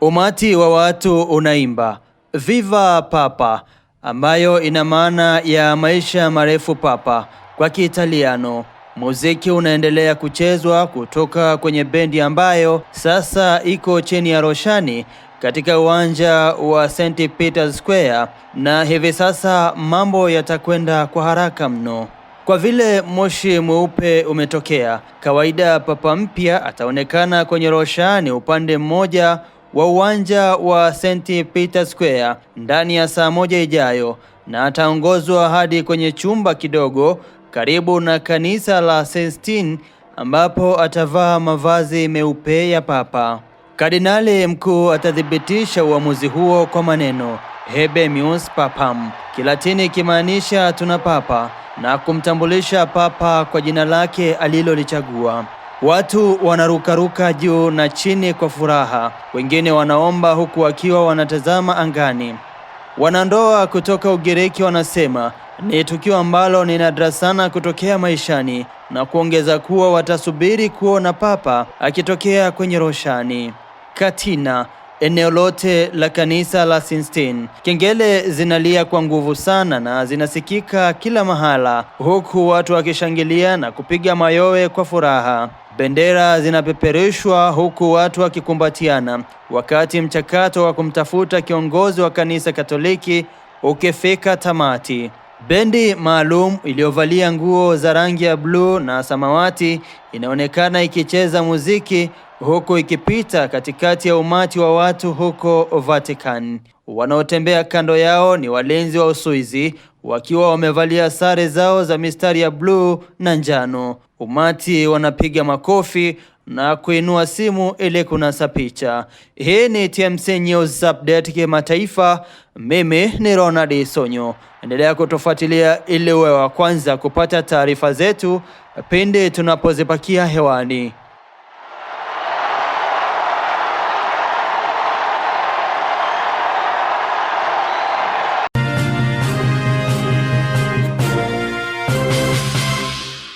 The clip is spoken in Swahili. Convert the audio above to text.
Umati wa watu unaimba Viva Papa, ambayo ina maana ya maisha marefu Papa kwa Kiitaliano. Muziki unaendelea kuchezwa kutoka kwenye bendi ambayo sasa iko chini ya roshani katika uwanja wa St Peter's Square, na hivi sasa mambo yatakwenda kwa haraka mno kwa vile moshi mweupe umetokea. Kawaida papa mpya ataonekana kwenye roshani upande mmoja wa uwanja wa St Peter Square ndani ya saa moja ijayo na ataongozwa hadi kwenye chumba kidogo karibu na kanisa la Sistine ambapo atavaa mavazi meupe ya Papa. Kardinali mkuu atathibitisha uamuzi huo kwa maneno Habemus Papam, Kilatini ikimaanisha tuna papa, na kumtambulisha papa kwa jina lake alilolichagua. Watu wanarukaruka juu na chini kwa furaha, wengine wanaomba huku wakiwa wanatazama angani. Wanandoa kutoka Ugiriki wanasema ni tukio ambalo ni nadra sana kutokea maishani na kuongeza kuwa watasubiri kuona papa akitokea kwenye roshani. Katina, eneo lote la kanisa la Sistine, kengele zinalia kwa nguvu sana na zinasikika kila mahala, huku watu wakishangilia na kupiga mayowe kwa furaha. Bendera zinapeperushwa huku watu wakikumbatiana, wakati mchakato wa kumtafuta kiongozi wa kanisa Katoliki ukifika tamati. Bendi maalum iliyovalia nguo za rangi ya bluu na samawati inaonekana ikicheza muziki huku ikipita katikati ya umati wa watu huko Vatican. Wanaotembea kando yao ni walinzi wa Uswizi wakiwa wamevalia sare zao za mistari ya bluu na njano. Umati wanapiga makofi na kuinua simu ili kunasa picha. Hii ni TMC News Update kimataifa. Mimi ni Ronald Sonyo, endelea kutufuatilia ili uwe wa kwanza kupata taarifa zetu pindi tunapozipakia hewani.